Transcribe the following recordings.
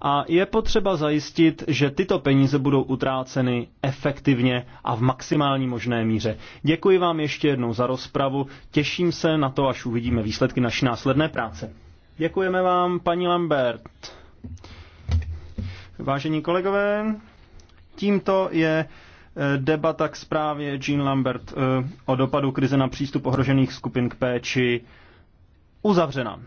a je potřeba zajistit, že tyto peníze budou utráceny efektivně a v maximální možné míře. Děkuji vám ještě jednou za rozpravu, těším se na to, až uvidíme výsledky naší následné práce. Děkujeme vám, paní Lambert. Vážení kolegové, tímto je eh, debata k zprávě Jean Lambert eh, o dopadu krize na přístup ohrožených skupin k péči uzavřena.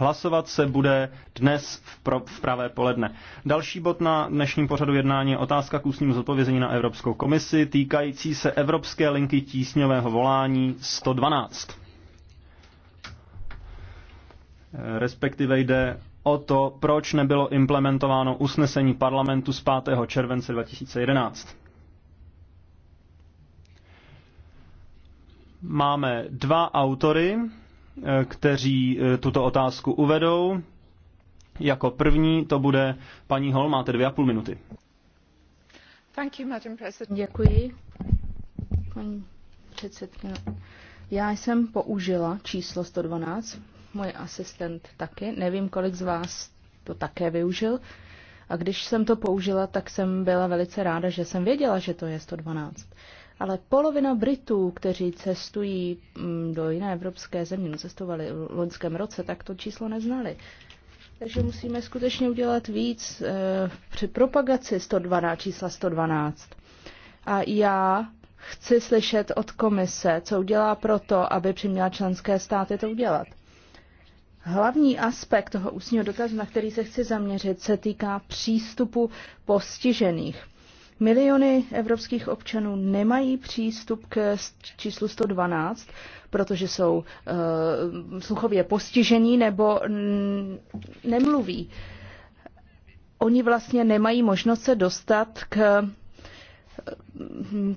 Hlasovat se bude dnes v, pro, v pravé poledne. Další bod na dnešním pořadu jednání je otázka k ústnímu zodpovězení na Evropskou komisi týkající se Evropské linky tísňového volání 112. Respektive jde o to, proč nebylo implementováno usnesení parlamentu z 5. července 2011. Máme dva autory kteří eh, tuto otázku uvedou. Jako první to bude paní Hol, máte dvě a půl minuty. Thank you, Madam President. Děkuji, paní předsedkyně. Já jsem použila číslo 112, můj asistent taky, nevím, kolik z vás to také využil. A když jsem to použila, tak jsem byla velice ráda, že jsem věděla, že to je 112 ale polovina Britů, kteří cestují mm, do jiné evropské země, no, cestovali v loňském roce, tak to číslo neznali. Takže musíme skutečně udělat víc eh, při propagaci 112, čísla 112. A já chci slyšet od komise, co udělá proto, aby přiměla členské státy to udělat. Hlavní aspekt toho ústního dotazu, na který se chci zaměřit, se týká přístupu postižených. Miliony evropských občanů nemají přístup k číslu 112, protože jsou uh, sluchově postižení nebo nemluví. Oni vlastně nemají možnost se dostat k eh,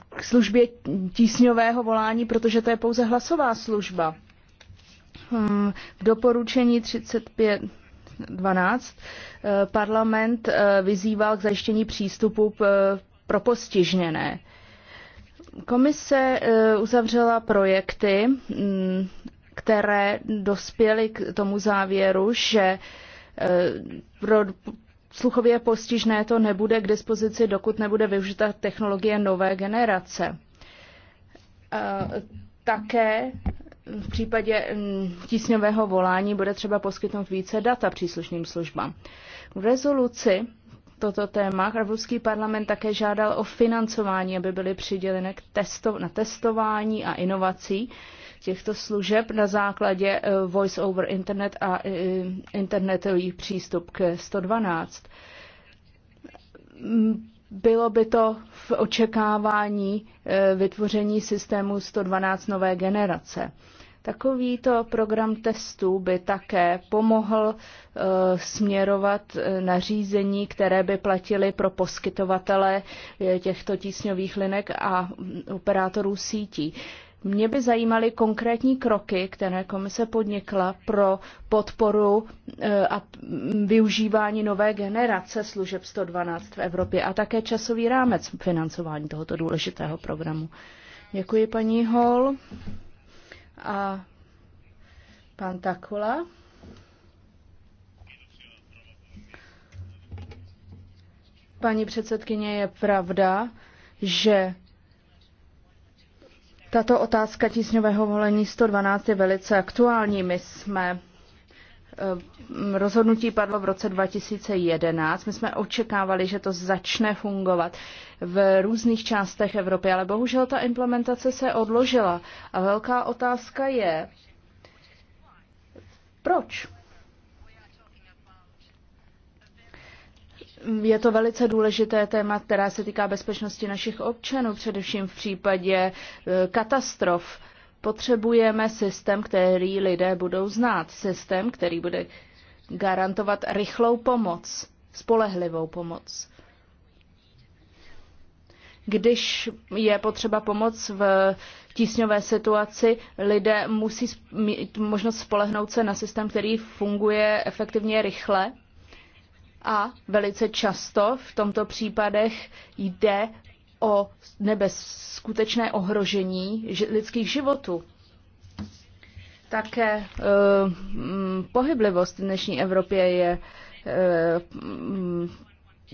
k službě tísňového volání, protože to je pouze hlasová služba. Hmm, doporučení 35 12 eh, parlament vyzýval k zajištění přístupu pro postižněné. Komise eh, uzavřela projekty, mm, které dospěly k tomu závěru, že eh, pro sluchově postižné to nebude k dispozici, dokud nebude využita technologie nové generace. Eh, také v případě mm, tísňového volání bude třeba poskytnout více data příslušným službám. V rezoluci toto téma. Evropský parlament také žádal o financování, aby byly přiděleny k testo- na testování a inovací těchto služeb na základě eh, Voice over Internet a eh, internetový přístup k 112. Mm, bylo by to v očekávání eh, vytvoření systému 112 nové generace. Takovýto program testů by také pomohl eh, směrovat eh, nařízení, které by platily pro poskytovatele eh, těchto tísňových linek a mm, operátorů sítí. Mě by zajímaly konkrétní kroky, které komise podnikla pro podporu a mm, využívání nové generace služeb 112 v Evropě a také časový rámec financování tohoto důležitého programu. Děkuji, paní Hall a pan Takula. Paní předsedkyně, je pravda, že tato otázka tísňového volení 112 je velice aktuální. My jsme Eh, rozhodnutí padlo v roce 2011. My jsme očekávali, že to začne fungovat v různých částech Evropy, ale bohužel ta implementace se odložila. A velká otázka je, proč? Je to velice důležité téma, která se týká bezpečnosti našich občanů, především v případě eh, katastrof Potřebujeme systém, který lidé budou znát, systém, který bude garantovat rychlou pomoc, spolehlivou pomoc. Když je potřeba pomoc v tísňové situaci, lidé musí mít možnost spolehnout se na systém, který funguje efektivně rychle a velice často v tomto případech jde o nebez skutečné ohrožení lidských životů. Také eh, pohyblivost v dnešní Evropě je eh,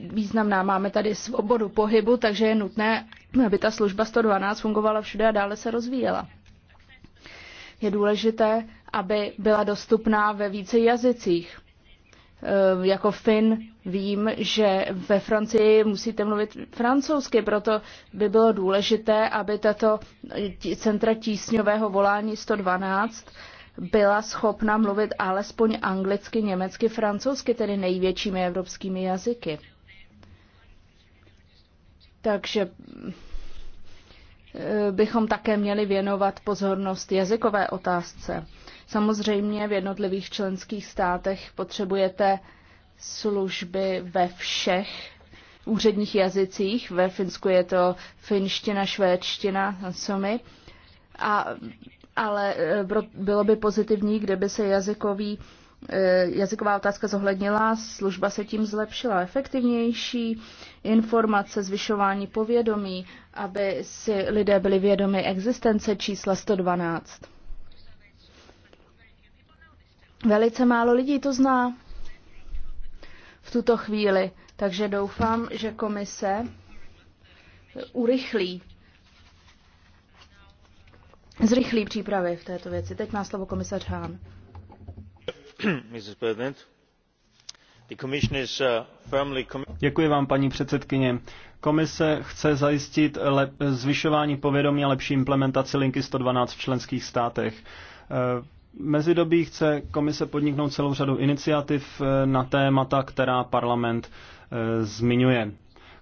významná. Máme tady svobodu pohybu, takže je nutné, aby ta služba 112 fungovala všude a dále se rozvíjela. Je důležité, aby byla dostupná ve více jazycích. Eh, jako Fin Vím, že ve Francii musíte mluvit francouzsky, proto by bylo důležité, aby tato centra tísňového volání 112 byla schopna mluvit alespoň anglicky, německy, francouzsky, tedy největšími evropskými jazyky. Takže eh, bychom také měli věnovat pozornost jazykové otázce. Samozřejmě v jednotlivých členských státech potřebujete služby ve všech úředních jazycích. Ve Finsku je to finština, švédština, sumy. A, ale e, bylo by pozitivní, kdyby se jazykový e, jazyková otázka zohlednila, služba se tím zlepšila. Efektivnější informace, zvyšování povědomí, aby si lidé byli vědomi existence čísla 112. Velice málo lidí to zná v tuto chvíli. Takže doufám, že komise urychlí, zrychlí přípravy v této věci. Teď má slovo komisař Hahn. Uh, Děkuji vám, paní předsedkyně. Komise chce zajistit zvyšování povědomí a lepší implementaci linky 112 v členských státech. Uh, mezidobí chce komise podniknout celou řadu iniciativ eh, na témata, která parlament eh, zmiňuje.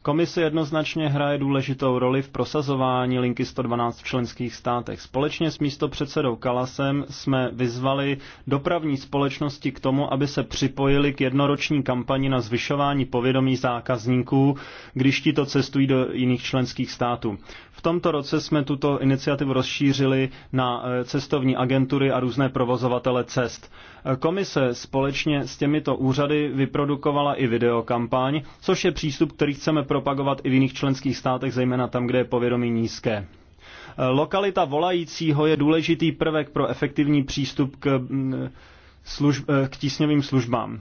Komise jednoznačně hraje důležitou roli v prosazování linky 112 v členských státech. Společně s místopředsedou Kalasem jsme vyzvali dopravní společnosti k tomu, aby se připojili k jednoroční kampani na zvyšování povědomí zákazníků, když ti to cestují do jiných členských států. V tomto roce jsme tuto iniciativu rozšířili na e, cestovní agentury a různé provozovatele cest. E, komise společně s těmito úřady vyprodukovala i videokampaň, což je přístup, který chceme pro propagovat i v jiných členských státech, zejména tam, kde je povědomí nízké. Eh, lokalita volajícího je důležitý prvek pro efektivní přístup k, mm, služb, eh, k tísňovým službám.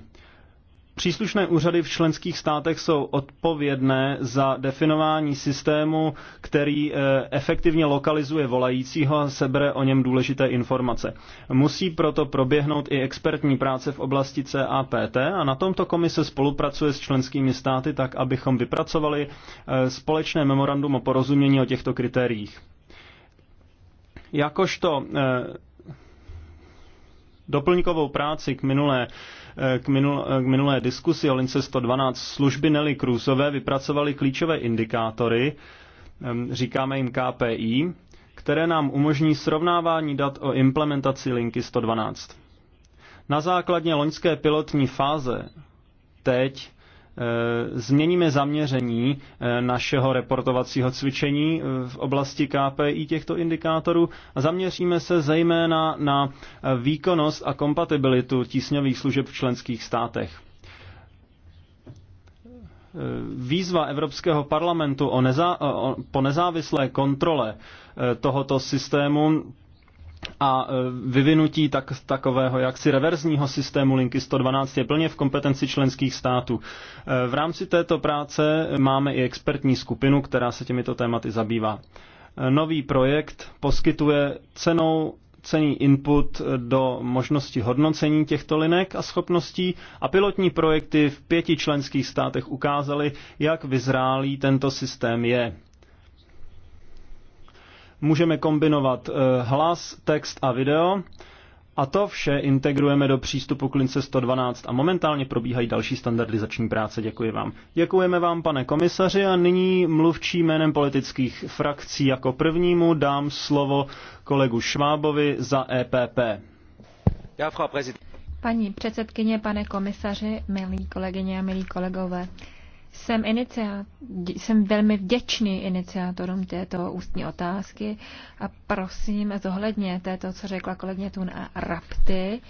Příslušné úřady v členských státech jsou odpovědné za definování systému, který eh, efektivně lokalizuje volajícího a sebere o něm důležité informace. Musí proto proběhnout i expertní práce v oblasti CAPT a na tomto komise spolupracuje s členskými státy tak, abychom vypracovali eh, společné memorandum o porozumění o těchto kritériích. Jakožto eh, doplňkovou práci k minulé k, minul, k minulé diskusi o lince 112 služby Nelly Krůzové vypracovaly klíčové indikátory, říkáme jim KPI, které nám umožní srovnávání dat o implementaci linky 112. Na základně loňské pilotní fáze teď Eh, změníme zaměření eh, našeho reportovacího cvičení eh, v oblasti KPI těchto indikátorů a zaměříme se zejména na výkonnost a kompatibilitu tísňových služeb v členských státech. Výzva Evropského parlamentu o nezá, o, po nezávislé kontrole tohoto systému a e, vyvinutí tak, takového jaksi reverzního systému linky 112 je plně v kompetenci členských států. E, v rámci této práce máme i expertní skupinu, která se těmito tématy zabývá. E, nový projekt poskytuje cenou cený input do možnosti hodnocení těchto linek a schopností a pilotní projekty v pěti členských státech ukázaly, jak vyzrálý tento systém je. Můžeme kombinovat eh, hlas, text a video. A to vše integrujeme do přístupu klince 112 a momentálně probíhají další standardizační práce. Děkuji vám. Děkujeme vám, pane komisaři, a nyní mluvčí jménem politických frakcí jako prvnímu dám slovo kolegu Švábovi za EPP. Paní předsedkyně, pane komisaři, milí kolegyně a milí kolegové, jsem, iniciát, jsem velmi vděčný iniciátorům této ústní otázky a prosím zohledně této, co řekla kolegyně Tun a Rapty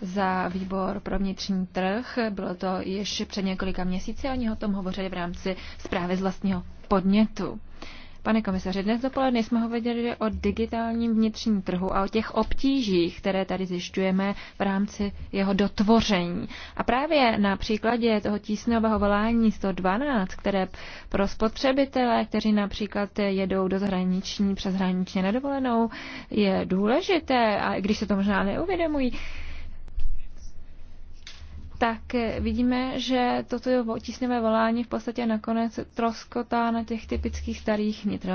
za výbor pro vnitřní trh. Bylo to ještě před několika měsíci, oni o tom hovořili v rámci zprávy z vlastního podnětu. Pane komisaři, dnes dopoledne jsme hovořili o digitálním vnitřním trhu a o těch obtížích, které tady zjišťujeme v rámci jeho dotvoření. A právě na příkladě toho tísňového volání 112, které pro spotřebitele, kteří například jedou do zahraniční, přeshraničně nedovolenou, je důležité, a když se to možná neuvědomují, tak vidíme, že toto tísňové volání v podstatě nakonec troskotá na těch typických starých vnitro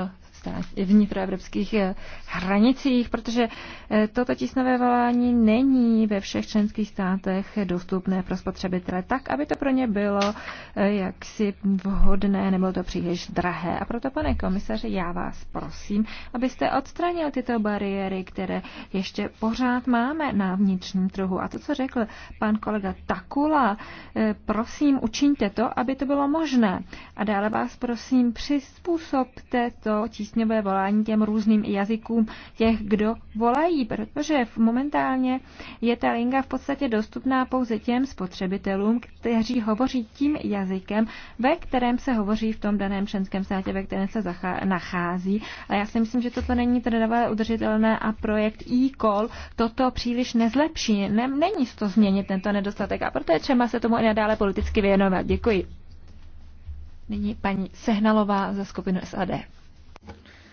vnitroevropských eh, hranicích, protože eh, toto tísnové volání není ve všech členských státech dostupné pro spotřebitele tak, aby to pro ně bylo eh, jaksi vhodné, nebylo to příliš drahé. A proto, pane komisaři, já vás prosím, abyste odstranil tyto bariéry, které ještě pořád máme na vnitřním trhu. A to, co řekl pan kolega Takula, prosím, učiňte to, aby to bylo možné. A dále vás prosím, přizpůsobte to tísnové tísňové volání těm různým jazykům těch, kdo volají, protože momentálně je ta linka v podstatě dostupná pouze těm spotřebitelům, kteří hovoří tím jazykem, ve kterém se hovoří v tom daném členském státě, ve kterém se nachází. A já si myslím, že toto není trvalé udržitelné a projekt e-call toto příliš nezlepší. Ne, není to změnit tento nedostatek a proto je třeba se tomu i nadále politicky věnovat. Děkuji. Nyní paní Sehnalová ze skupinu SAD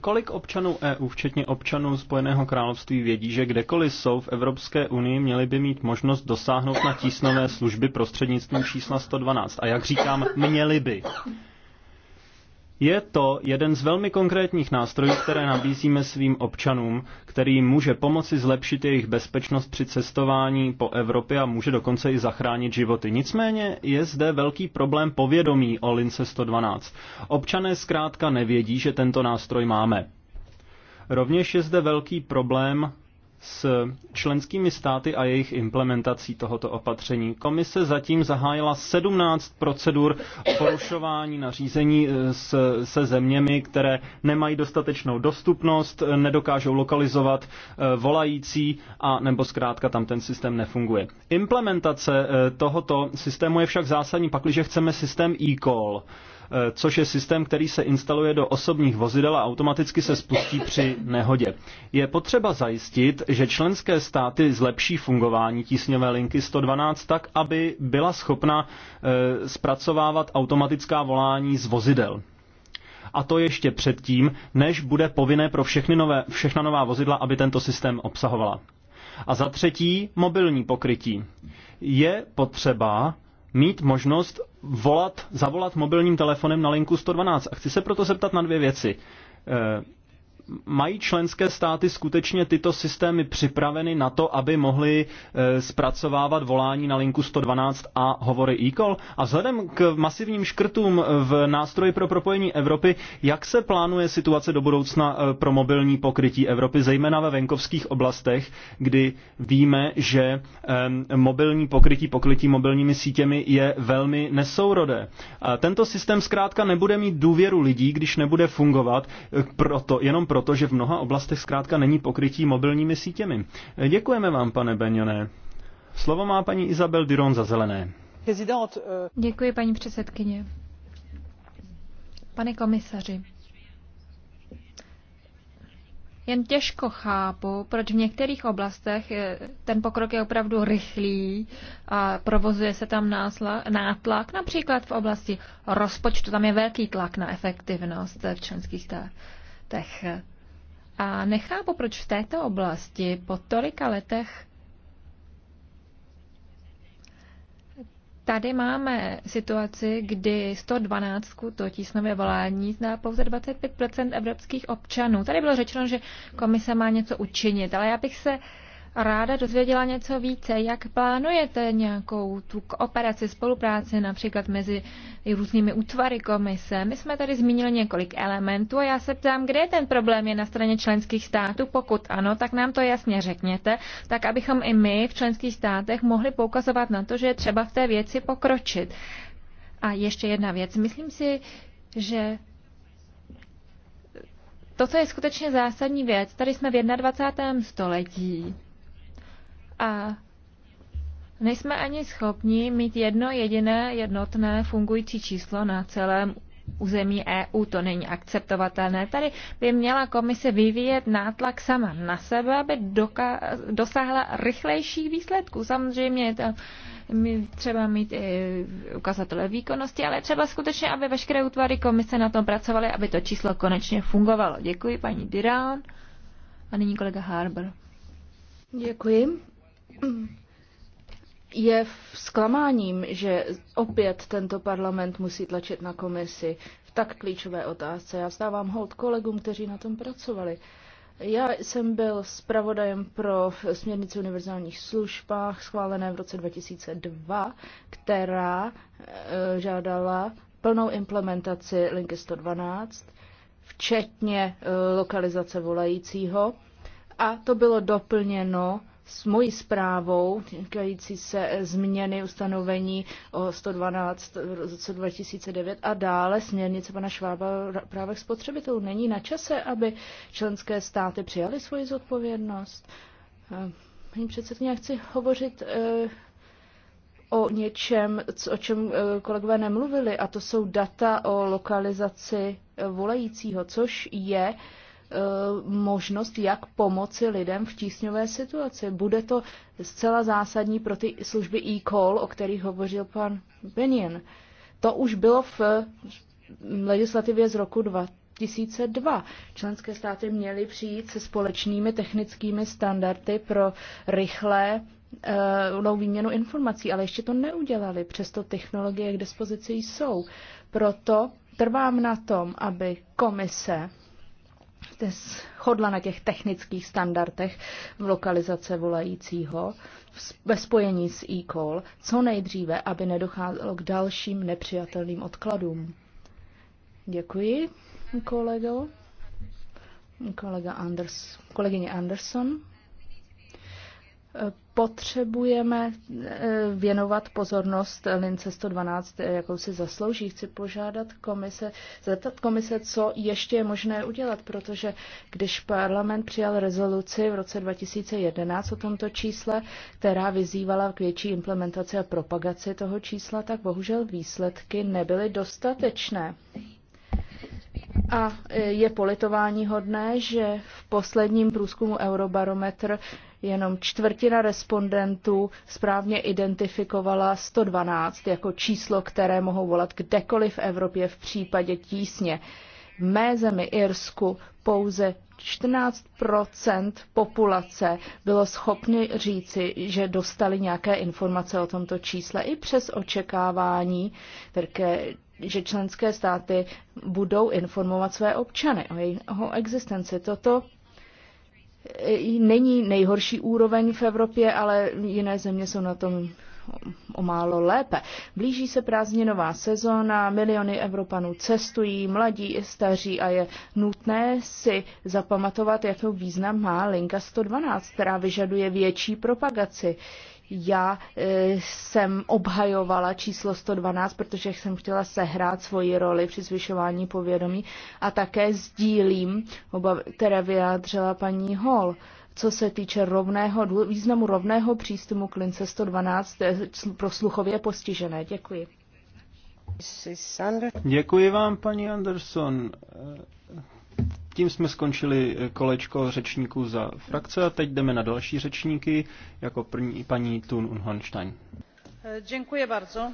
Kolik občanů EU, včetně občanů Spojeného království, vědí, že kdekoliv jsou v Evropské unii, měli by mít možnost dosáhnout na tísnové služby prostřednictvím čísla 112? A jak říkám, měli by. Je to jeden z velmi konkrétních nástrojů, které nabízíme svým občanům, který může pomoci zlepšit jejich bezpečnost při cestování po Evropě a může dokonce i zachránit životy. Nicméně je zde velký problém povědomí o Lince 112. Občané zkrátka nevědí, že tento nástroj máme. Rovněž je zde velký problém s členskými státy a jejich implementací tohoto opatření. Komise zatím zahájila 17 procedur porušování nařízení eh, s, se zeměmi, které nemají dostatečnou dostupnost, eh, nedokážou lokalizovat eh, volající a nebo zkrátka tam ten systém nefunguje. Implementace tohoto systému je však zásadní, pakliže chceme systém e-call Eh, což je systém, který se instaluje do osobních vozidel a automaticky se spustí při nehodě. Je potřeba zajistit, že členské státy zlepší fungování tísňové linky 112 tak, aby byla schopna eh, zpracovávat automatická volání z vozidel a to ještě předtím, než bude povinné pro všechny nové, všechna nová vozidla, aby tento systém obsahovala. A za třetí, mobilní pokrytí. Je potřeba mít možnost volat, zavolat mobilním telefonem na linku 112. A chci se proto zeptat na dvě věci. Eh, mají členské státy skutečně tyto systémy připraveny na to, aby mohly e, zpracovávat volání na linku 112 a hovory e-call? A vzhledem k masivním škrtům v nástroji pro propojení Evropy, jak se plánuje situace do budoucna e, pro mobilní pokrytí Evropy, zejména ve venkovských oblastech, kdy víme, že mobilní pokrytí pokrytí mobilními sítěmi je velmi nesourodé. Tento systém zkrátka nebude mít důvěru lidí, když nebude fungovat, e, proto, jenom proto, protože v mnoha oblastech zkrátka není pokrytí mobilními sítěmi. Děkujeme vám, pane Benjoné. Slovo má paní Izabel Diron za zelené. Eh, Děkuji, paní předsedkyně. Pane komisaři, jen těžko chápu, proč v některých oblastech eh, ten pokrok je opravdu rychlý a provozuje se tam nátlak, například v oblasti rozpočtu, tam je velký tlak na efektivnost v členských státech letech. A nechápu, proč v této oblasti po tolika letech tady máme situaci, kdy 112 to tísnové volání zná pouze 25 evropských občanů. Tady bylo řečeno, že komise má něco učinit, ale já bych se ráda dozvěděla něco více. Jak plánujete nějakou tu operaci spolupráci například mezi různými útvary komise? My jsme tady zmínili několik elementů a já se ptám, kde je ten problém je na straně členských států. Pokud ano, tak nám to jasně řekněte, tak abychom i my v členských státech mohli poukazovat na to, že je třeba v té věci pokročit. A ještě jedna věc. Myslím si, že to co je skutečně zásadní věc. Tady jsme v 21. století. A nejsme ani schopni mít jedno jediné jednotné fungující číslo na celém území EU. To není akceptovatelné. Tady by měla komise vyvíjet nátlak sama na sebe, aby dosáhla rychlejších výsledků. Samozřejmě je to třeba mít i ukazatele výkonnosti, ale třeba skutečně, aby veškeré útvary komise na tom pracovaly, aby to číslo konečně fungovalo. Děkuji paní Dirán a nyní kolega Harbour. Děkuji. Je zklamáním, že opět tento parlament musí tlačit na komisi v tak klíčové otázce. Já vstávám hold kolegům, kteří na tom pracovali. Já jsem byl zpravodajem pro směrnici univerzálních službách schválené v roce 2002, která eh, žádala plnou implementaci linky 112, včetně eh, lokalizace volajícího. A to bylo doplněno s mojí zprávou týkající se změny ustanovení o 112 v roce 2009 a dále směrnice pana Švába o právech spotřebitelů. Není na čase, aby členské státy přijaly svoji zodpovědnost? Eh, paní předsedkyně, já chci hovořit eh, o něčem, o čem eh, kolegové nemluvili, a to jsou data o lokalizaci volajícího, což je Eh, možnost, jak pomoci lidem v tísňové situaci. Bude to zcela zásadní pro ty služby e-call, o kterých hovořil pan Benin. To už bylo v legislativě z roku 2002. Členské státy měly přijít se společnými technickými standardy pro rychlé uh, výměnu informací, ale ještě to neudělali, přesto technologie k dispozici jsou. Proto trvám na tom, aby komise jste shodla na těch technických standardech v lokalizace volajícího ve spojení s e-call co nejdříve, aby nedocházelo k dalším nepřijatelným odkladům. Děkuji, kolego. Kolega Anders, kolegyně Anderson. Potřebujeme eh, věnovat pozornost lince 112, eh, jakou si zaslouží. Chci požádat komise, zeptat komise, co ještě je možné udělat, protože když parlament přijal rezoluci v roce 2011 o tomto čísle, která vyzývala k větší implementaci a propagaci toho čísla, tak bohužel výsledky nebyly dostatečné. A eh, je politování hodné, že v posledním průzkumu Eurobarometr jenom čtvrtina respondentů správně identifikovala 112 jako číslo, které mohou volat kdekoliv v Evropě v případě tísně. V mé zemi Irsku pouze 14 populace bylo schopni říci, že dostali nějaké informace o tomto čísle i přes očekávání, které že členské státy budou informovat své občany o jeho existenci. Toto není nejhorší úroveň v Evropě, ale jiné země jsou na tom o málo lépe. Blíží se prázdninová sezóna, miliony Evropanů cestují, mladí i staří a je nutné si zapamatovat, jakou význam má linka 112, která vyžaduje větší propagaci já e, jsem obhajovala číslo 112, protože jsem chtěla sehrát svoji roli při zvyšování povědomí a také sdílím obavy, které vyjádřila paní Hall co se týče rovného, významu rovného přístupu k lince 112 pro sluchově postižené. Děkuji. Děkuji vám, paní Anderson. Tím jsme skončili eh, kolečko řečníků za frakce a teď jdeme na další řečníky, jako první paní Thun Unhornstein. Eh, Děkuji bardzo.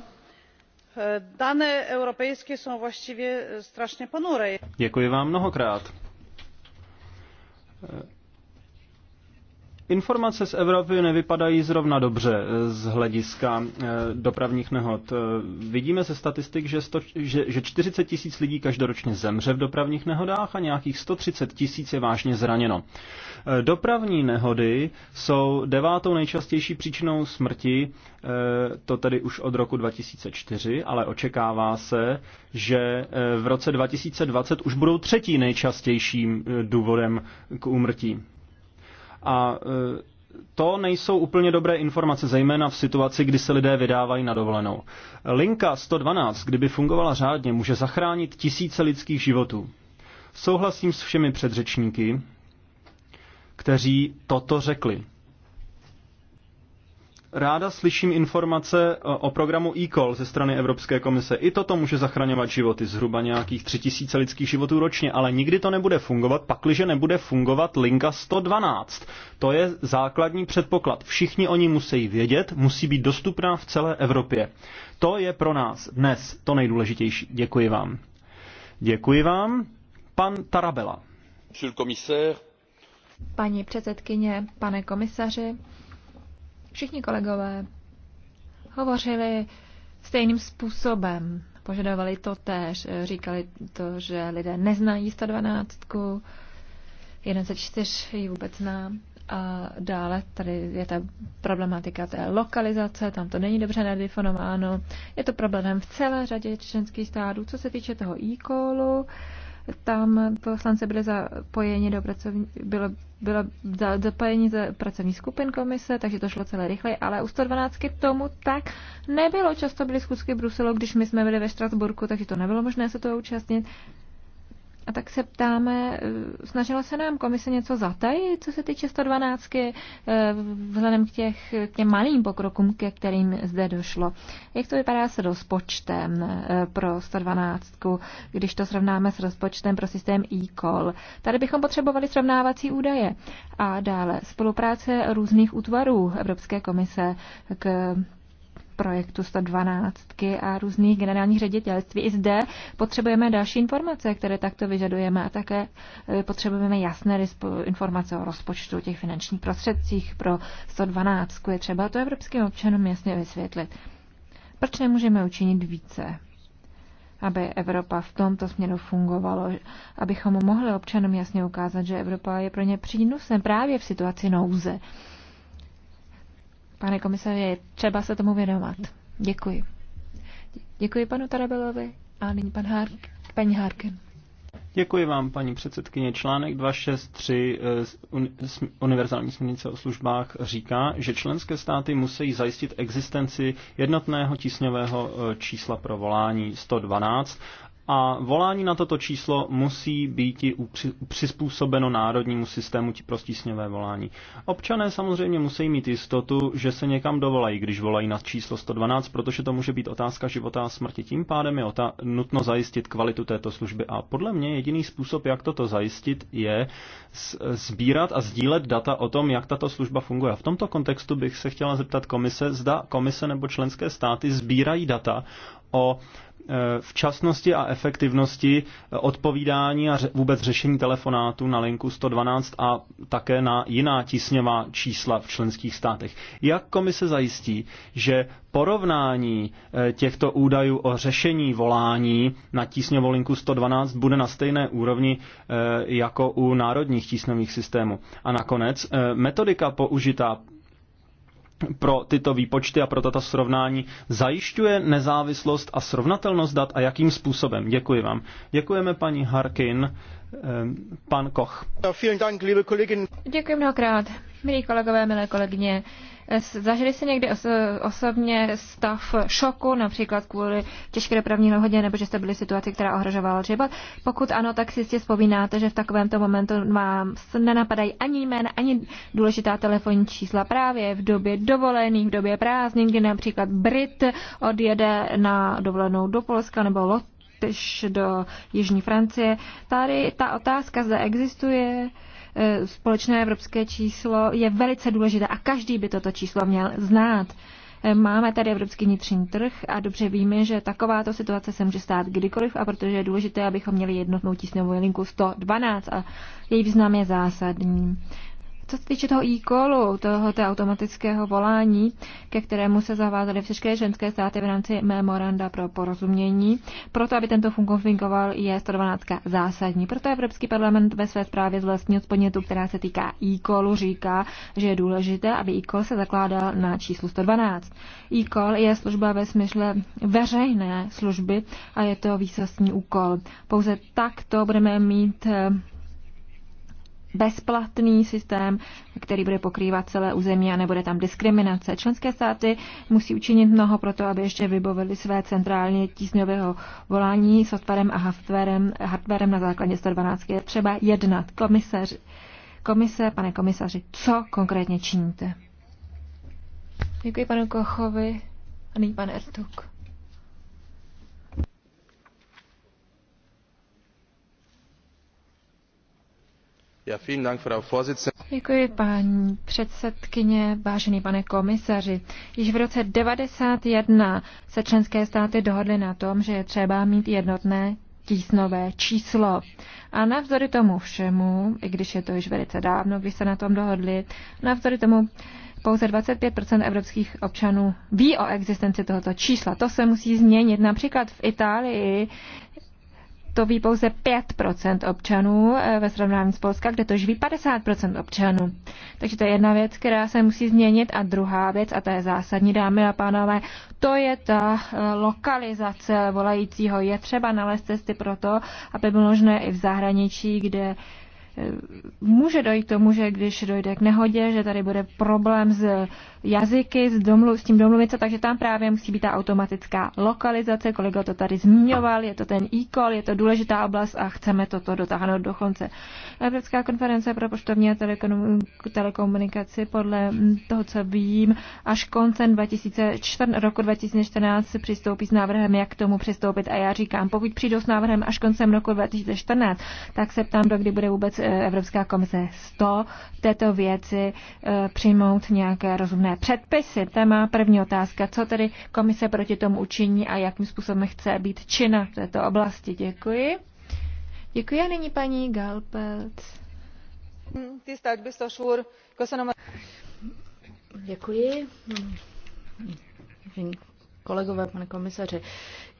Eh, dane europejské jsou vlastně strašně ponure. Děkuji vám mnohokrát. Informace z Evropy nevypadají zrovna dobře eh, z hlediska eh, dopravních nehod. Eh, vidíme ze statistik, že, sto, že, že 40 tisíc lidí každoročně zemře v dopravních nehodách a nějakých 130 tisíc je vážně zraněno. Dopravní nehody jsou devátou nejčastější příčinou smrti, to tedy už od roku 2004, ale očekává se, že v roce 2020 už budou třetí nejčastějším důvodem k úmrtí. A e, to nejsou úplně dobré informace, zejména v situaci, kdy se lidé vydávají na dovolenou. Linka 112, kdyby fungovala řádně, může zachránit tisíce lidských životů. Souhlasím s všemi předřečníky, kteří toto řekli. Ráda slyším informace e, o programu e ze strany Evropské komise. I toto může zachraňovat životy, zhruba nějakých 3000 lidských životů ročně, ale nikdy to nebude fungovat, pakliže nebude fungovat linka 112. To je základní předpoklad. Všichni oni musí vědět, musí být dostupná v celé Evropě. To je pro nás dnes to nejdůležitější. Děkuji vám. Děkuji vám. Pan Tarabela. Paní předsedkyně, pane komisaři, Všichni kolegové hovořili stejným způsobem. Požadovali to též, eh, říkali to, že lidé neznají 112, jeden se čtyř ji vůbec nám. A dále tady je ta problematika té lokalizace, tam to není dobře nadifonováno. Je to problém v celé řadě členských států, co se týče toho e-callu. Tam poslanci byli zapojeni do pracovní, bylo, bylo zapojeni ze pracovní skupin komise, takže to šlo celé rychle, ale u 112 tomu tak nebylo. Často byly schůzky v Bruselu, když my jsme byli ve Štrasburku, takže to nebylo možné se toho účastnit. A tak se ptáme, eh, snažila se nám komise něco zatajit, co se týče 112, eh, vzhledem k, těch, k těm malým pokrokům, ke kterým zde došlo. Jak to vypadá s rozpočtem eh, pro 112, když to srovnáme s rozpočtem pro systém e-call? Tady bychom potřebovali srovnávací údaje. A dále spolupráce různých útvarů Evropské komise k projektu 112 a různých generálních ředitelství. I zde potřebujeme další informace, které takto vyžadujeme a také eh, potřebujeme jasné informace o rozpočtu těch finančních prostředcích pro 112. Je třeba to evropským občanům jasně vysvětlit. Proč nemůžeme učinit více? aby Evropa v tomto směru fungovalo, abychom mohli občanům jasně ukázat, že Evropa je pro ně přínosem právě v situaci nouze. Pane komisaři, je třeba se tomu věnovat. Děkuji. Děkuji panu Tarabelovi a nyní pan Hark, paní Harken. Děkuji vám, paní předsedkyně. Článek 263 eh, Univerzální směrnice o službách říká, že členské státy musí zajistit existenci jednotného tísňového eh, čísla pro volání 112 a volání na toto číslo musí být přizpůsobeno národnímu systému ti prostísňové volání. Občané samozřejmě musí mít jistotu, že se někam dovolají, když volají na číslo 112, protože to může být otázka života a smrti. Tím pádem je nutno zajistit kvalitu této služby a podle mě jediný způsob, jak toto zajistit, je sbírat a sdílet data o tom, jak tato služba funguje. A v tomto kontextu bych se chtěla zeptat komise, zda komise nebo členské státy sbírají data o včasnosti a efektivnosti eh, odpovídání a vůbec řešení telefonátu na linku 112 a také na jiná tísňová čísla v členských státech. Jak komise zajistí, že porovnání eh, těchto údajů o řešení volání na tísňovou linku 112 bude na stejné úrovni eh, jako u národních tísňových systémů? A nakonec, metodika použitá pro tyto výpočty a pro tato srovnání zajišťuje nezávislost a srovnatelnost dat a jakým způsobem? Děkuji vám. Děkujeme paní Harkin Ehm, pan Koch. Děkuji mnohokrát, milí kolegové, milé kolegyně. Zažili jste někdy osobně stav šoku, například kvůli těžké dopravní nehodě, nebo že jste byli v situaci, která ohrožovala život? Pokud ano, tak si jistě vzpomínáte, že v takovémto momentu vám nenapadají ani jména, ani důležitá telefonní čísla právě v době dovolených, v době prázdnin, kdy například Brit odjede na dovolenou do Polska nebo Lot tež do Jižní Francie. Tady ta otázka, zda existuje e, společné evropské číslo, je velice důležitá a každý by toto číslo měl znát. E, máme tady evropský vnitřní trh a dobře víme, že takováto situace se může stát kdykoliv a protože je důležité, abychom měli jednotnou tísňovou linku 112 a její význam je zásadní. Co se týče toho e-callu, toho té automatického volání, ke kterému se zavázaly všechny ženské státy v rámci memoranda pro porozumění, proto, aby tento fungoval, je 112 zásadní. Proto Evropský parlament ve své zprávě z vlastního podnětu, která se týká e-callu, říká, že je důležité, aby e-call se zakládal na číslu 112. E-call je služba ve smyslu veřejné služby a je to výsostní úkol. Pouze takto budeme mít eh, bezplatný systém, který bude pokrývat celé území a nebude tam diskriminace. Členské státy musí učinit mnoho pro to, aby ještě vybavili své centrálně tísňového volání softwarem a hardwarem, hardwarem na základě 112. Je třeba jednat. Komisař, komise, pane komisaři, co konkrétně činíte? Děkuji panu Kochovi a nyní pan Ertuk. Děkuji, paní předsedkyně, vážený pane komisaři. Již v roce 1991 se členské státy dohodly na tom, že je třeba mít jednotné tísnové číslo. A navzdory tomu všemu, i když je to již velice dávno, když se na tom dohodli, navzdory tomu pouze 25 evropských občanů ví o existenci tohoto čísla. To se musí změnit. Například v Itálii to ví pouze 5% občanů eh, ve srovnání s Polska, kde to živí 50% občanů. Takže to je jedna věc, která se musí změnit. A druhá věc, a to je zásadní, dámy a pánové, to je ta eh, lokalizace volajícího. Je třeba nalézt cesty pro to, aby bylo možné i v zahraničí, kde může dojít k tomu, že když dojde k nehodě, že tady bude problém s jazyky, s, domlu, s tím domluvit se, takže tam právě musí být ta automatická lokalizace, kolega to tady zmiňoval, je to ten e-call, je to důležitá oblast a chceme toto dotáhnout do konce. Evropská konference pro poštovní a telekomunikaci podle toho, co vím, až koncem 2014, roku 2014 přistoupí s návrhem, jak k tomu přistoupit. A já říkám, pokud přijdou s návrhem až koncem roku 2014, tak se ptám, do kdy bude vůbec Eh, Evropská komise 100 v této věci eh, přijmout nějaké rozumné předpisy. Téma první otázka, co tedy komise proti tomu učiní a jakým způsobem chce být čina v této oblasti. Děkuji. Děkuji a nyní paní Galpelt. Děkuji. Kolegové, pane komisaři,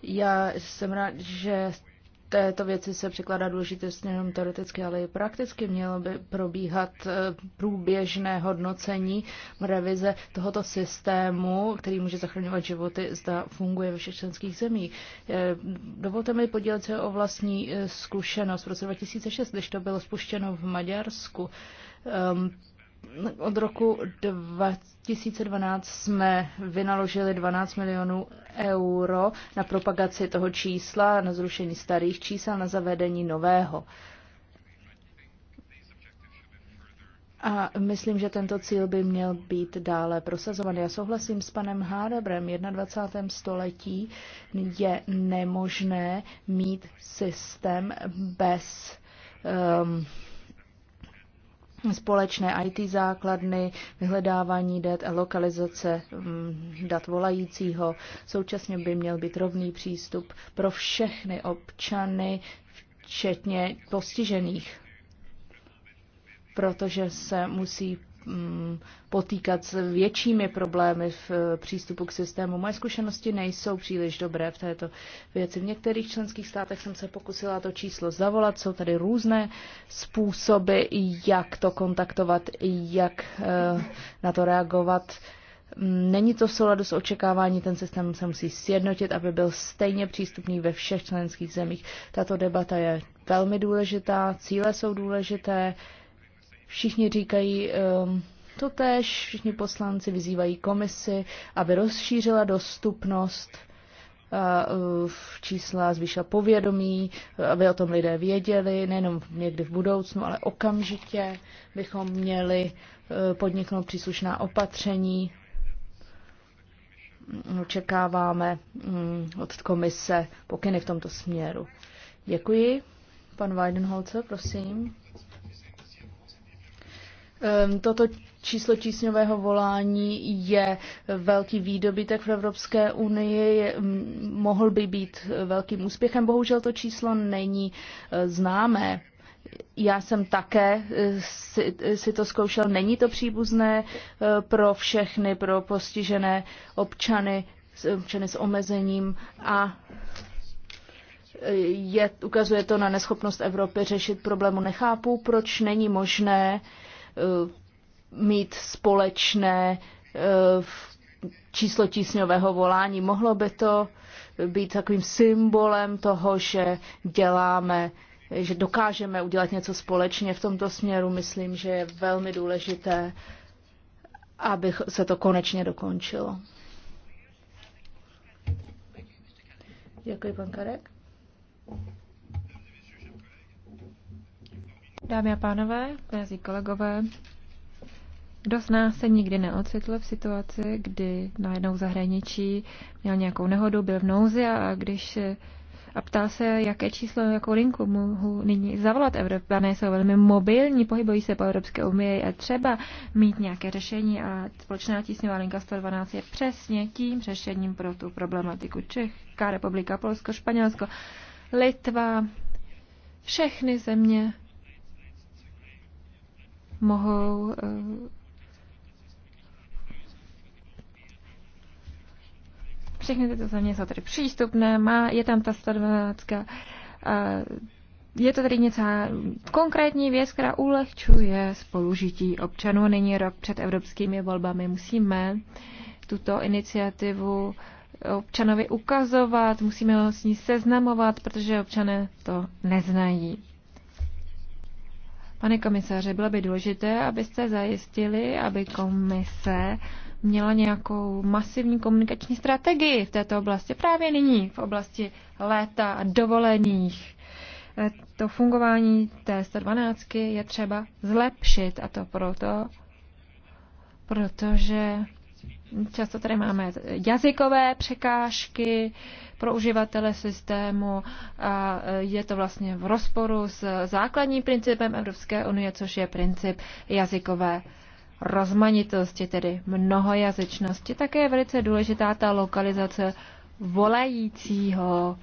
já jsem rád, že této věci se překládá důležitě jenom teoreticky, ale i prakticky. Mělo by probíhat eh, průběžné hodnocení revize tohoto systému, který může zachraňovat životy, zda funguje ve všech členských zemích. Eh, dovolte mi podílet se o vlastní eh, zkušenost. V roce 2006, když to bylo spuštěno v Maďarsku, ehm, od roku 2012 jsme vynaložili 12 milionů euro na propagaci toho čísla, na zrušení starých čísel, na zavedení nového. A myslím, že tento cíl by měl být dále prosazovaný. Já souhlasím s panem Hádebrem. V 21. století je nemožné mít systém bez um, společné IT základny, vyhledávání dat a lokalizace mm, dat volajícího. Současně by měl být rovný přístup pro všechny občany, včetně postižených protože se musí Mm, potýkat s většími problémy v eh, přístupu k systému. Moje zkušenosti nejsou příliš dobré v této věci. V některých členských státech jsem se pokusila to číslo zavolat. Jsou tady různé způsoby, jak to kontaktovat, jak eh, na to reagovat. Mm, není to v souladu s očekávání, ten systém se musí sjednotit, aby byl stejně přístupný ve všech členských zemích. Tato debata je velmi důležitá, cíle jsou důležité, Všichni říkají um, to tež, všichni poslanci vyzývají komisi, aby rozšířila dostupnost a e, v čísla zvýšila povědomí, aby o tom lidé věděli, nejenom někdy v budoucnu, ale okamžitě bychom měli e, podniknout příslušná opatření. Očekáváme mm, od komise pokyny v tomto směru. Děkuji. Pan Weidenholzer, prosím. Ehm, toto číslo tísňového volání je velký výdobytek v Evropské unii, je mohl by být velkým úspěchem, bohužel to číslo není eh, známé. Já jsem také eh, si, eh, si to zkoušel, není to příbuzné pro všechny, pro postižené občany, občany s omezením a je, ukazuje to na neschopnost Evropy řešit problému. Nechápu, proč není možné uh, Eh, mít společné eh, číslo tísňového volání. Mohlo by to být takovým symbolem toho, že děláme, že dokážeme udělat něco společně v tomto směru. Myslím, že je velmi důležité, aby se to konečně dokončilo. Děkuji, pan Karek. Dámy a pánové, drazí kolegové, kdo z nás se nikdy neocitl v situaci, kdy najednou v zahraničí měl nějakou nehodu, byl v nouzi a když a ptal se, jaké číslo, jakou linku mohu nyní zavolat. Evropané jsou velmi mobilní, pohybují se po Evropské unii a třeba mít nějaké řešení a společná tísňová linka 112 je přesně tím řešením pro tu problematiku Česká republika, Polsko, Španělsko, Litva, všechny země mohou eh, všechny tyto země jsou tady přístupné, má, je tam ta 112. Eh, je to tady něco konkrétní věc, která ulehčuje spolužití občanů. není rok před evropskými volbami musíme tuto iniciativu občanovi ukazovat, musíme ho s ní seznamovat, protože občané to neznají. Pane komisaře, bylo by důležité, abyste zajistili, aby komise měla nějakou masivní komunikační strategii v této oblasti, právě nyní, v oblasti léta a dovolených. To fungování té 112 je třeba zlepšit a to proto, protože Často tady máme jazykové překážky pro uživatele systému a je to vlastně v rozporu s základním principem Evropské unie, což je princip jazykové rozmanitosti, tedy mnohojazyčnosti. Také je velice důležitá ta lokalizace volajícího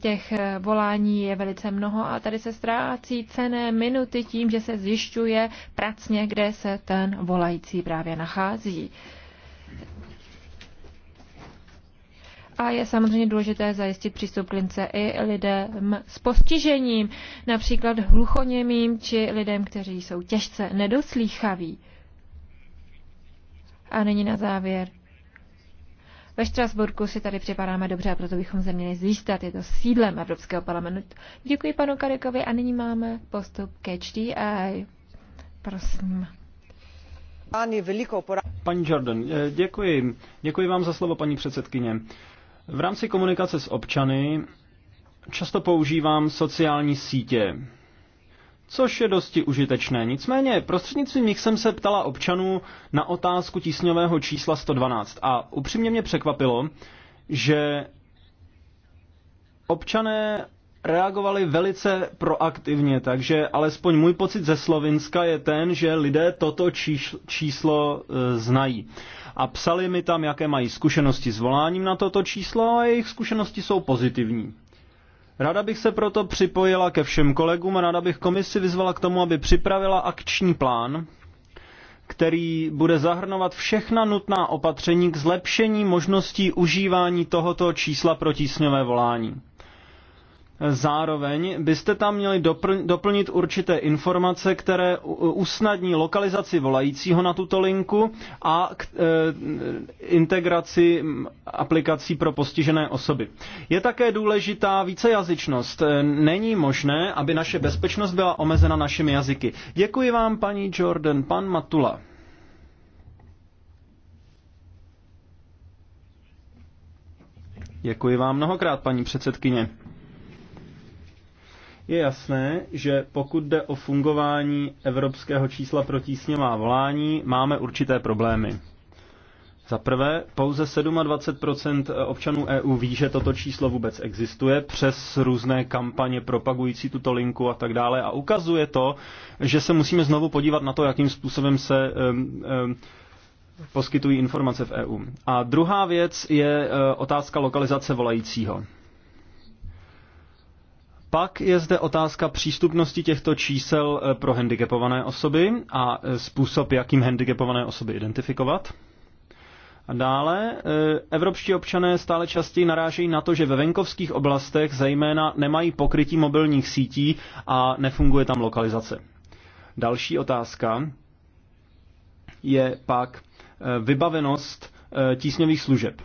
těch eh, volání je velice mnoho a tady se ztrácí cené minuty tím, že se zjišťuje pracně, kde se ten volající právě nachází. A je samozřejmě důležité zajistit přístup k lince i lidem s postižením, například hluchoněmým či lidem, kteří jsou těžce nedoslýchaví. A nyní na závěr ve Štrasburku si tady připadáme dobře a proto bychom se měli zjistat. Je to sídlem Evropského parlamentu. Děkuji panu Karikovi a nyní máme postup ke HDI. Prosím. Paní Jordan, eh, děkuji. Děkuji vám za slovo, paní předsedkyně. V rámci komunikace s občany často používám sociální sítě což je dosti užitečné. Nicméně prostřednictvím nich jsem se ptala občanů na otázku tísňového čísla 112 a upřímně mě překvapilo, že občané reagovali velice proaktivně, takže alespoň můj pocit ze Slovinska je ten, že lidé toto číslo e, znají. A psali mi tam, jaké mají zkušenosti s voláním na toto číslo a jejich zkušenosti jsou pozitivní. Rada bych se proto připojila ke všem kolegům a ráda bych komisi vyzvala k tomu, aby připravila akční plán, který bude zahrnovat všechna nutná opatření k zlepšení možností užívání tohoto čísla pro tísňové volání. Zároveň byste tam měli doplnit určité informace, které usnadní lokalizaci volajícího na tuto linku a k, e, integraci aplikací pro postižené osoby. Je také důležitá vícejazyčnost. E, není možné, aby naše bezpečnost byla omezena našimi jazyky. Děkuji vám, paní Jordan, pan Matula. Děkuji vám mnohokrát, paní předsedkyně. Je jasné, že pokud jde o fungování evropského čísla pro tísňová volání, máme určité problémy. Za prvé, pouze 27 občanů EU ví, že toto číslo vůbec existuje, přes různé kampaně propagující tuto linku a tak dále. A ukazuje to, že se musíme znovu podívat na to, jakým způsobem se um, um, poskytují informace v EU. A druhá věc je uh, otázka lokalizace volajícího. Pak je zde otázka přístupnosti těchto čísel eh, pro handicapované osoby a eh, způsob, jakým handicapované osoby identifikovat. A dále, eh, evropští občané stále častěji narážejí na to, že ve venkovských oblastech zejména nemají pokrytí mobilních sítí a nefunguje tam lokalizace. Další otázka je pak vybavenost tísňových služeb.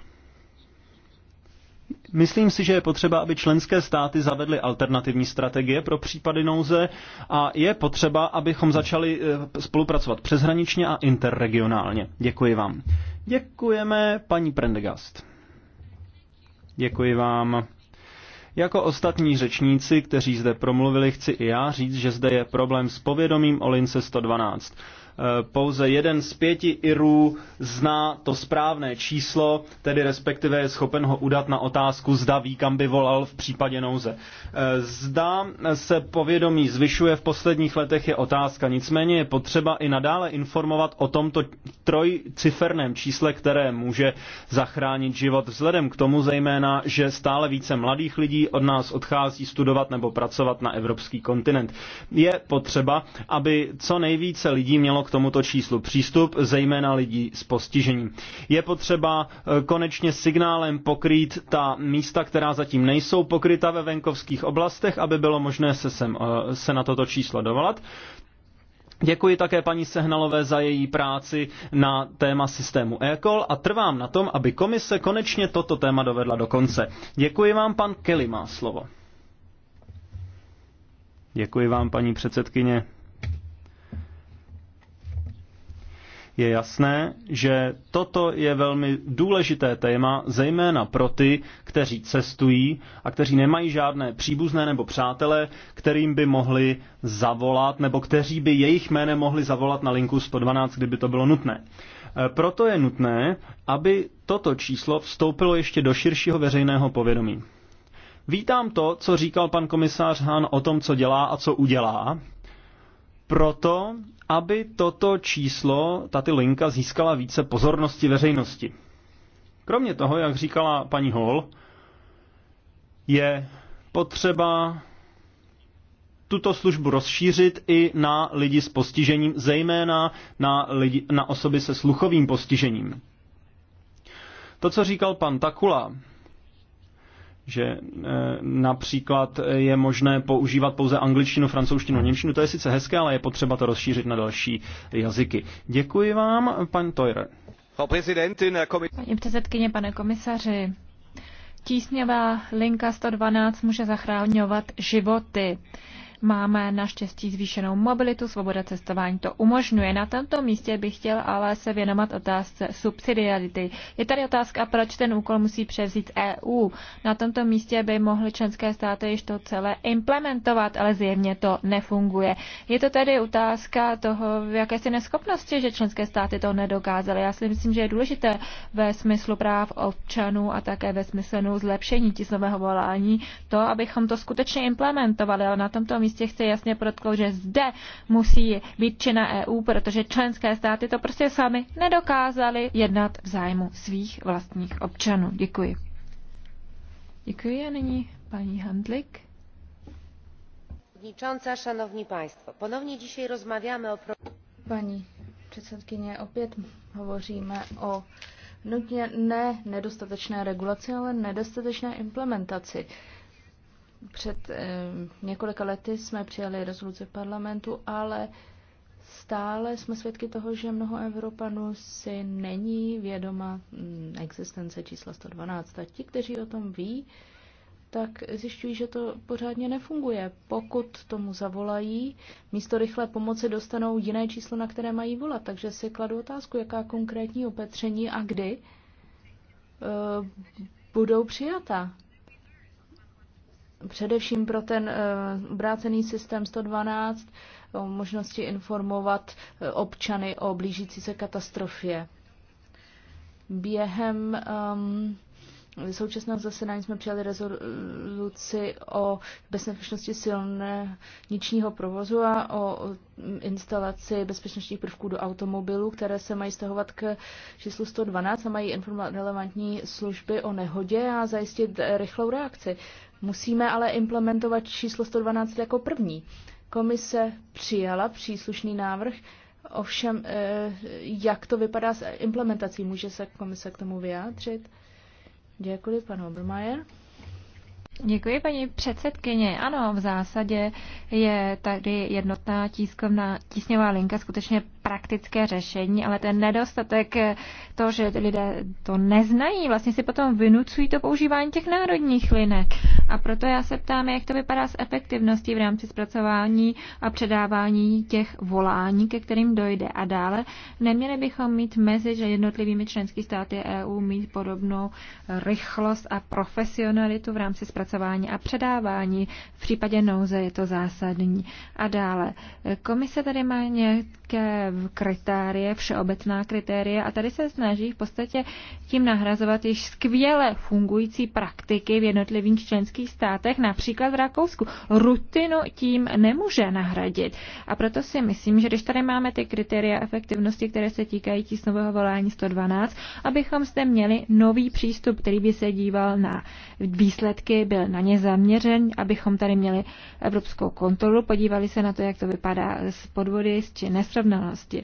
Myslím si, že je potřeba, aby členské státy zavedly alternativní strategie pro případy nouze a je potřeba, abychom začali eh, spolupracovat přeshraničně a interregionálně. Děkuji vám. Děkujeme paní Prendegast. Děkuji vám. Jako ostatní řečníci, kteří zde promluvili, chci i já říct, že zde je problém s povědomím o lince 112. Eh, pouze jeden z pěti Irů zná to správné číslo, tedy respektive je schopen ho udat na otázku, zda ví, kam by volal v případě nouze. Eh, zda se povědomí zvyšuje v posledních letech je otázka, nicméně je potřeba i nadále informovat o tomto trojciferném čísle, které může zachránit život. Vzhledem k tomu zejména, že stále více mladých lidí od nás odchází studovat nebo pracovat na evropský kontinent. Je potřeba, aby co nejvíce lidí mělo k k tomuto číslu přístup, zejména lidí s postižením. Je potřeba e, konečně signálem pokrýt ta místa, která zatím nejsou pokryta ve venkovských oblastech, aby bylo možné se, sem, e, se na toto číslo dovolat. Děkuji také paní Sehnalové za její práci na téma systému ECOL a trvám na tom, aby komise konečně toto téma dovedla do konce. Děkuji vám, pan Kelly má slovo. Děkuji vám, paní předsedkyně. je jasné, že toto je velmi důležité téma, zejména pro ty, kteří cestují a kteří nemají žádné příbuzné nebo přátele, kterým by mohli zavolat, nebo kteří by jejich jménem mohli zavolat na linku 112, kdyby to bylo nutné. E, proto je nutné, aby toto číslo vstoupilo ještě do širšího veřejného povědomí. Vítám to, co říkal pan komisář Hahn o tom, co dělá a co udělá, proto, aby toto číslo, tato linka získala více pozornosti veřejnosti. Kromě toho, jak říkala paní Hall, je potřeba tuto službu rozšířit i na lidi s postižením, zejména na, lidi, na osoby se sluchovým postižením. To, co říkal pan Takula že e, například je možné používat pouze angličtinu, francouzštinu, němčinu. To je sice hezké, ale je potřeba to rozšířit na další jazyky. Děkuji vám, pan Teurer. Paní předsedkyně, pane komisaři, tísňová linka 112 může zachráňovat životy. Máme naštěstí zvýšenou mobilitu, svoboda cestování to umožňuje. Na tomto místě bych chtěl ale se věnovat otázce subsidiarity. Je tady otázka, proč ten úkol musí převzít EU. Na tomto místě by mohly členské státy již to celé implementovat, ale zjevně to nefunguje. Je to tedy otázka toho, v jakési neschopnosti, že členské státy to nedokázaly. Já si myslím, že je důležité ve smyslu práv občanů a také ve smyslu zlepšení tisnového volání to, abychom to skutečně implementovali, ale na tomto místě místě chci jasně protknout, že zde musí být čina EU, protože členské státy to prostě sami nedokázaly jednat v zájmu svých vlastních občanů. Děkuji. Děkuji a nyní paní Handlik. Szanowni Państwo, ponovně dzisiaj rozmawiamy o... paní. předsedkyně, opět hovoříme o nutně ne nedostatečné regulaci, ale nedostatečné implementaci. Před eh, několika lety jsme přijali rezoluci parlamentu, ale stále jsme svědky toho, že mnoho Evropanů si není vědoma mm, existence čísla 112. A ti, kteří o tom ví, tak zjišťují, že to pořádně nefunguje. Pokud tomu zavolají, místo rychlé pomoci dostanou jiné číslo, na které mají volat. Takže si kladu otázku, jaká konkrétní opatření a kdy eh, budou přijata. Především pro ten eh, obrácený systém 112 o možnosti informovat eh, občany o blížící se katastrofě. Během um, současného zasedání jsme přijali rezoluci o bezpečnosti silničního provozu a o instalaci bezpečnostních prvků do automobilů, které se mají stahovat k číslu 112 a mají informovat relevantní služby o nehodě a zajistit rychlou reakci. Musíme ale implementovat číslo 112 jako první. Komise přijala příslušný návrh, ovšem eh, jak to vypadá s implementací? Může se komise k tomu vyjádřit? Děkuji, pan Obermajer. Děkuji, paní předsedkyně. Ano, v zásadě je tady jednotná tískovná linka skutečně praktické řešení, ale ten nedostatek to, že lidé to neznají, vlastně si potom vynucují to používání těch národních linek. A proto já se ptám, jak to vypadá s efektivností v rámci zpracování a předávání těch volání, ke kterým dojde. A dále neměli bychom mít mezi že jednotlivými členskými státy EU mít podobnou rychlost a profesionalitu v rámci zpracování a předávání. V případě nouze je to zásadní. A dále, komise tady má nějaké kritérie, všeobecná kritérie a tady se snaží v podstatě tím nahrazovat již skvěle fungující praktiky v jednotlivých členských státech, například v Rakousku. Rutinu tím nemůže nahradit. A proto si myslím, že když tady máme ty kritéria efektivnosti, které se týkají tísnového volání 112, abychom zde měli nový přístup, který by se díval na výsledky, byl na ně zaměřen, abychom tady měli evropskou kontrolu, podívali se na to, jak to vypadá s podvody či nesrovnalost oblasti.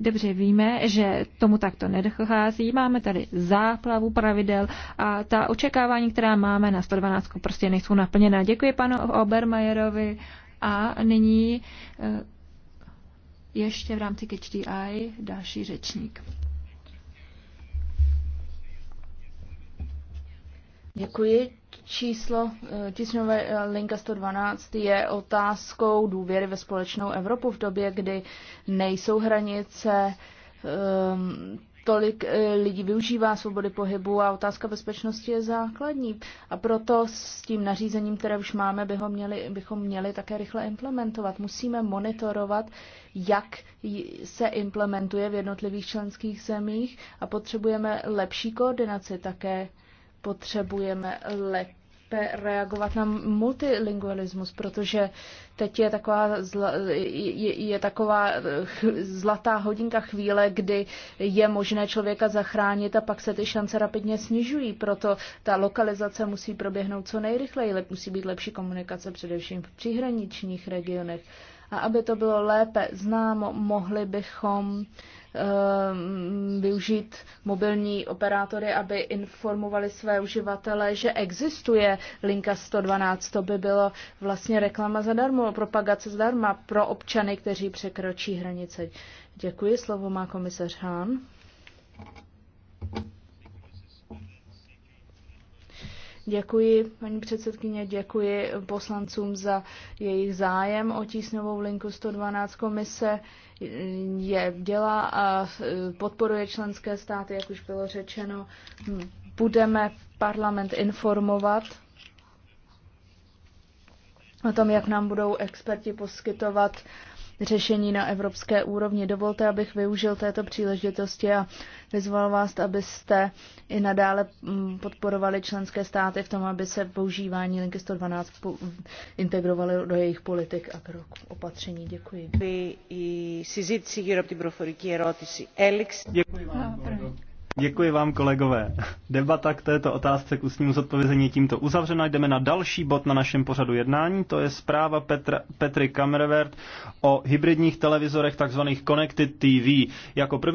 Dobře víme, že tomu takto nedochází. Máme tady záplavu pravidel a ta očekávání, která máme na 112, prostě nejsou naplněná. Děkuji panu Obermajerovi a nyní eh, ještě v rámci KHDI další řečník. Děkuji. Číslo, eh, tisňové eh, linka 112 je otázkou důvěry ve společnou Evropu v době, kdy nejsou hranice, ehm, tolik eh, lidí využívá svobody pohybu a otázka bezpečnosti je základní. A proto s tím nařízením, které už máme, bychom měli, bychom měli také rychle implementovat. Musíme monitorovat, jak se implementuje v jednotlivých členských zemích a potřebujeme lepší koordinaci také potřebujeme lépe reagovat na multilingualismus, protože teď je taková, zla, je, je taková zlatá hodinka chvíle, kdy je možné člověka zachránit a pak se ty šance rapidně snižují. Proto ta lokalizace musí proběhnout co nejrychleji, musí být lepší komunikace především v příhraničních regionech a aby to bylo lépe známo, mohli bychom ehm, využít mobilní operátory, aby informovali své uživatele, že existuje linka 112. To by bylo vlastně reklama zadarmo, propagace zdarma pro občany, kteří překročí hranice. Děkuji, slovo má komisař Hán. Děkuji, paní předsedkyně, děkuji poslancům za jejich zájem o tísňovou linku 112 komise. Je dělá a podporuje členské státy, jak už bylo řečeno. Budeme parlament informovat o tom, jak nám budou experti poskytovat řešení na evropské úrovni. Dovolte, abych využil této příležitosti a vyzval vás, abyste i nadále mm, podporovali členské státy v tom, aby se používání linky 112 integrovali do jejich politik a krok Opatření. Děkuji. Děkuji vám. Děkuji. Děkuji vám, kolegové. Debata k této otázce k ústnímu zodpovězení je tímto uzavřena. Jdeme na další bod na našem pořadu jednání. To je zpráva Petra, Petry Kamervert o hybridních televizorech, takzvaných Connected TV. Jako první